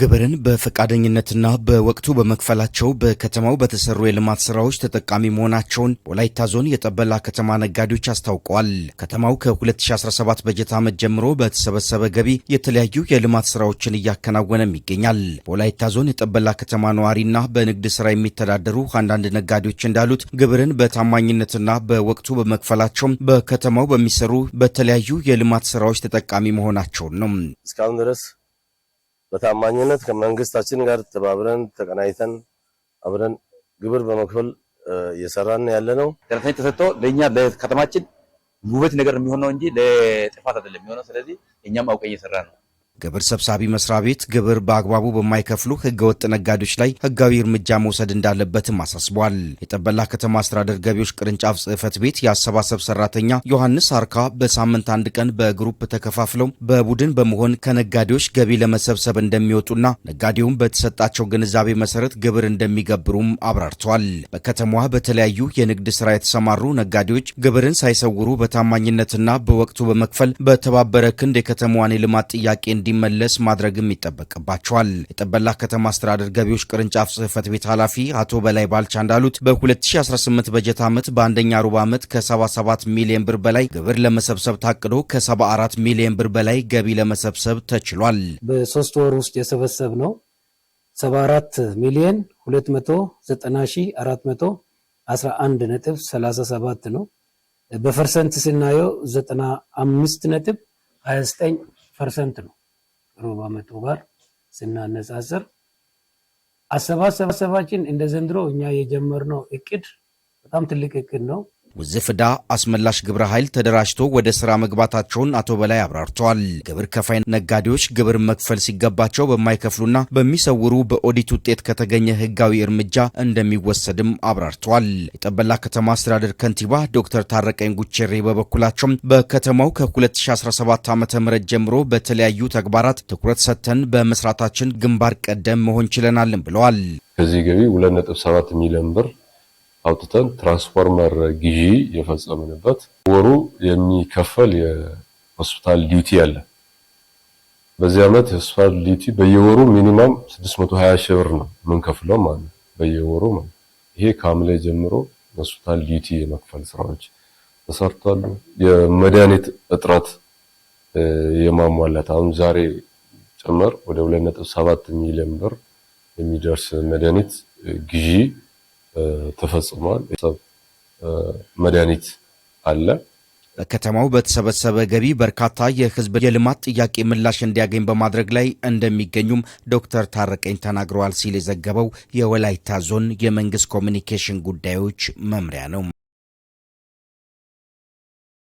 ግብርን በፈቃደኝነትና በወቅቱ በመክፈላቸው በከተማው በተሰሩ የልማት ስራዎች ተጠቃሚ መሆናቸውን ወላይታ ዞን የጠበላ ከተማ ነጋዴዎች አስታውቀዋል። ከተማው ከ2017 በጀት ዓመት ጀምሮ በተሰበሰበ ገቢ የተለያዩ የልማት ስራዎችን እያከናወነም ይገኛል። በወላይታ ዞን የጠበላ ከተማ ነዋሪና በንግድ ስራ የሚተዳደሩ አንዳንድ ነጋዴዎች እንዳሉት ግብርን በታማኝነትና በወቅቱ በመክፈላቸው በከተማው በሚሰሩ በተለያዩ የልማት ስራዎች ተጠቃሚ መሆናቸውን ነው። እስካሁን ድረስ በታማኝነት ከመንግስታችን ጋር ተባብረን ተቀናይተን አብረን ግብር በመክፈል እየሰራን ያለ ነው። ተረፈኝ ተሰጥቶ ለእኛ ለከተማችን ውበት ነገር የሚሆነው እንጂ ለጥፋት አይደለም የሚሆነው። ስለዚህ እኛም አውቀ እየሰራ ነው። ግብር ሰብሳቢ መስሪያ ቤት ግብር በአግባቡ በማይከፍሉ ህገወጥ ነጋዴዎች ላይ ህጋዊ እርምጃ መውሰድ እንዳለበትም አሳስቧል። የጠበላ ከተማ አስተዳደር ገቢዎች ቅርንጫፍ ጽህፈት ቤት የአሰባሰብ ሰራተኛ ዮሐንስ አርካ በሳምንት አንድ ቀን በግሩፕ ተከፋፍለው በቡድን በመሆን ከነጋዴዎች ገቢ ለመሰብሰብ እንደሚወጡና ነጋዴውም በተሰጣቸው ግንዛቤ መሰረት ግብር እንደሚገብሩም አብራርተዋል። በከተማዋ በተለያዩ የንግድ ስራ የተሰማሩ ነጋዴዎች ግብርን ሳይሰውሩ በታማኝነትና በወቅቱ በመክፈል በተባበረ ክንድ የከተማዋን የልማት ጥያቄ እንዲመለስ ማድረግም ይጠበቅባቸዋል። የጠበላ ከተማ አስተዳደር ገቢዎች ቅርንጫፍ ጽህፈት ቤት ኃላፊ አቶ በላይ ባልቻ እንዳሉት በ2018 በጀት ዓመት በአንደኛ ሩብ ዓመት ከ77 ሚሊዮን ብር በላይ ግብር ለመሰብሰብ ታቅዶ ከ74 ሚሊዮን ብር በላይ ገቢ ለመሰብሰብ ተችሏል። በሶስት ወር ውስጥ የሰበሰብ ነው 74 ሚሊዮን 29411 ነጥብ 37 ነው። በፐርሰንት ስናየው 95 ነጥብ 29 ፐርሰንት ነው። ሩብ ዓመቱ ጋር ስናነጻጽር አሰባሰባችን እንደ ዘንድሮ እኛ የጀመርነው እቅድ በጣም ትልቅ እቅድ ነው። ውዝፍዳ አስመላሽ ግብረ ኃይል ተደራጅቶ ወደ ስራ መግባታቸውን አቶ በላይ አብራርተዋል። ግብር ከፋይ ነጋዴዎች ግብር መክፈል ሲገባቸው በማይከፍሉና በሚሰውሩ በኦዲት ውጤት ከተገኘ ህጋዊ እርምጃ እንደሚወሰድም አብራርተዋል። የጠበላ ከተማ አስተዳደር ከንቲባ ዶክተር ታረቀኝ ጉቼሬ በበኩላቸው በከተማው ከ2017 ዓ ም ጀምሮ በተለያዩ ተግባራት ትኩረት ሰጥተን በመስራታችን ግንባር ቀደም መሆን ችለናልን ብለዋል። ከዚህ ገቢ 2.7 ሚሊዮን ብር አውጥተን ትራንስፎርመር ግዢ የፈጸምንበት ወሩ የሚከፈል የሆስፒታል ዲዩቲ አለ። በዚህ ዓመት የሆስፒታል ዲዩቲ በየወሩ ሚኒማም 620 ሺህ ብር ነው የምንከፍለው ማለት ነው፣ በየወሩ ማለት ይሄ ከሐምሌ ጀምሮ ሆስፒታል ዲዩቲ የመክፈል ስራዎች ተሰርቷሉ። የመድኃኒት እጥረት የማሟላት አሁን ዛሬ ጭምር ወደ 2.7 ሚሊዮን ብር የሚደርስ መድኃኒት ግዢ ተፈጽሟል። መድኃኒት አለ። ከተማው በተሰበሰበ ገቢ በርካታ የህዝብ የልማት ጥያቄ ምላሽ እንዲያገኝ በማድረግ ላይ እንደሚገኙም ዶክተር ታረቀኝ ተናግረዋል ሲል የዘገበው የወላይታ ዞን የመንግስት ኮሚኒኬሽን ጉዳዮች መምሪያ ነው።